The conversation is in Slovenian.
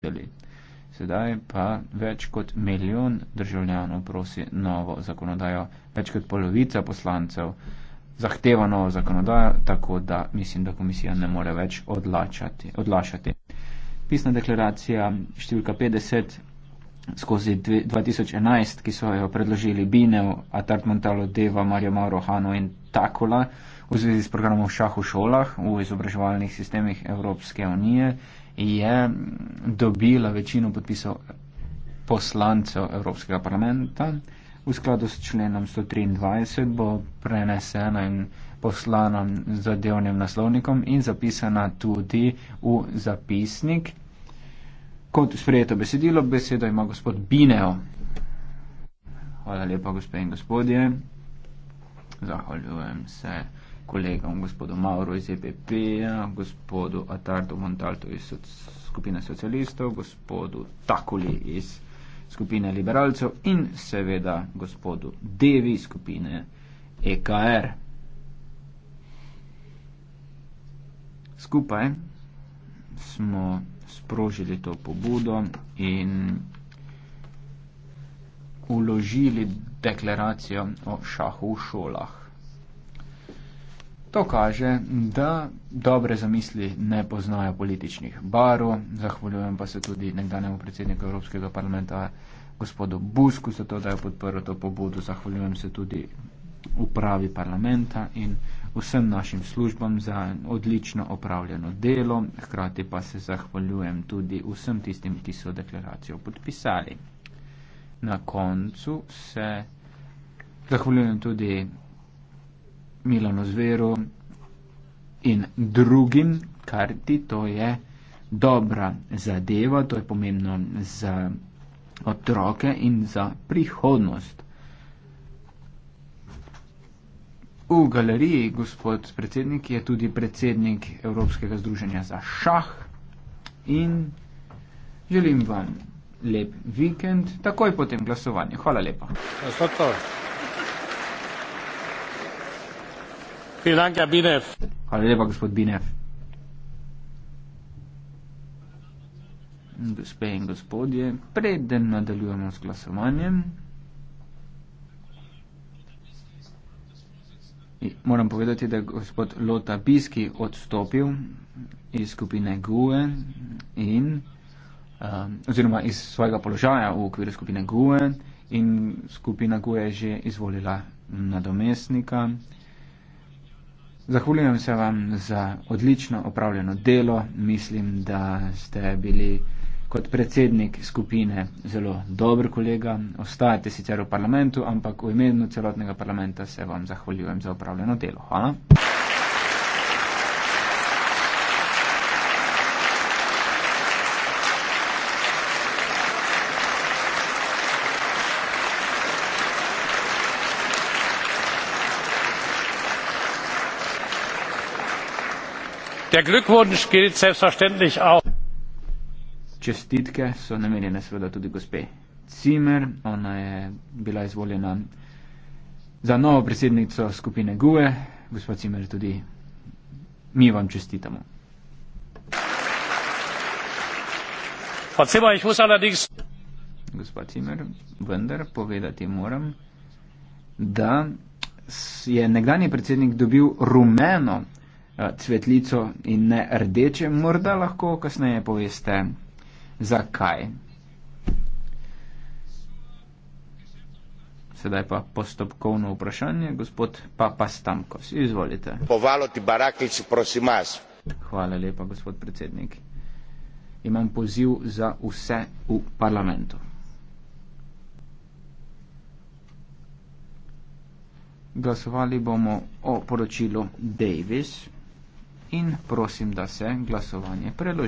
videli. Sedaj pa več kot milijon državljanov prosi novo zakonodajo, več kot polovica poslancev zahteva novo zakonodajo, tako da mislim, da komisija ne more več odlašati. Pisna deklaracija številka 50 skozi 2011, ki so jo predložili Binev, Atart Montalo, Deva, Marja Mauro, Hano in Takola v zvezi s programom šah v šolah v izobraževalnih sistemih Evropske unije je dobila večino podpisov poslancev Evropskega parlamenta. V skladu s členom 123 bo prenesena in poslana zadevnim naslovnikom in zapisana tudi v zapisnik. Kot sprejeto besedilo, besedo ima gospod Bineo. Hvala lepa, gospe in gospodje. Zahvaljujem se kolegom, gospodu Mauro iz EPP, gospodu Atardo Montalto iz skupine socialistov, gospodu Takuli iz skupine liberalcev in seveda gospodu Devi iz skupine EKR. Skupaj smo sprožili to pobudo in uložili deklaracijo o šahu v šolah. To kaže, da dobre zamisli ne poznajo političnih barov. Zahvaljujem pa se tudi nekdanjemu predsedniku Evropskega parlamenta, gospodu Busku, za to, da je podprl to pobudo. Zahvaljujem se tudi upravi parlamenta in vsem našim službam za odlično opravljeno delo. Hkrati pa se zahvaljujem tudi vsem tistim, ki so deklaracijo podpisali. Na koncu se zahvaljujem tudi Milano Zvero in drugim, kar ti to je dobra zadeva, to je pomembno za otroke in za prihodnost. V galeriji gospod predsednik je tudi predsednik Evropskega združenja za šah in želim vam lep vikend, takoj po tem glasovanju. Hvala lepa. Hvala. dank, ja, Binev. Hvala lepa, gospod Binev. Gospe in gospodje, preden nadaljujemo s glasovanjem, moram povedati, da je gospod Lota Biski odstopil iz skupine GUE in um, oziroma iz svojega položaja v okviru skupine GUE in skupina GUE je že izvolila nadomestnika. Zahvaljujem se vam za odlično opravljeno delo. Mislim, da ste bili kot predsednik skupine zelo dober kolega. Ostajate sicer v parlamentu, ampak v imenu celotnega parlamenta se vam zahvaljujem za opravljeno delo. Hvala. der glückwunsch gilt selbstverständlich auch čestitke so namenjene seveda tudi gospe Zimmer, ona je bila izvoljena za novo predsednico skupine GUE. Gospod Zimmer, tudi mi vam čestitamo. Gospod Zimmer, vendar povedati moram, da je nekdani predsednik dobil rumeno Eh, cvetlico in ne rdeče. Morda lahko kasneje poveste, zakaj. Sedaj pa postopkovno vprašanje, gospod Papa Stamkos. Izvolite. Povaloti baraklič, prosim vas. Hvala lepa, gospod predsednik. Imam poziv za vse v parlamentu. Glasovali bomo o poročilu Davis in prosim, da se glasovanje preloži.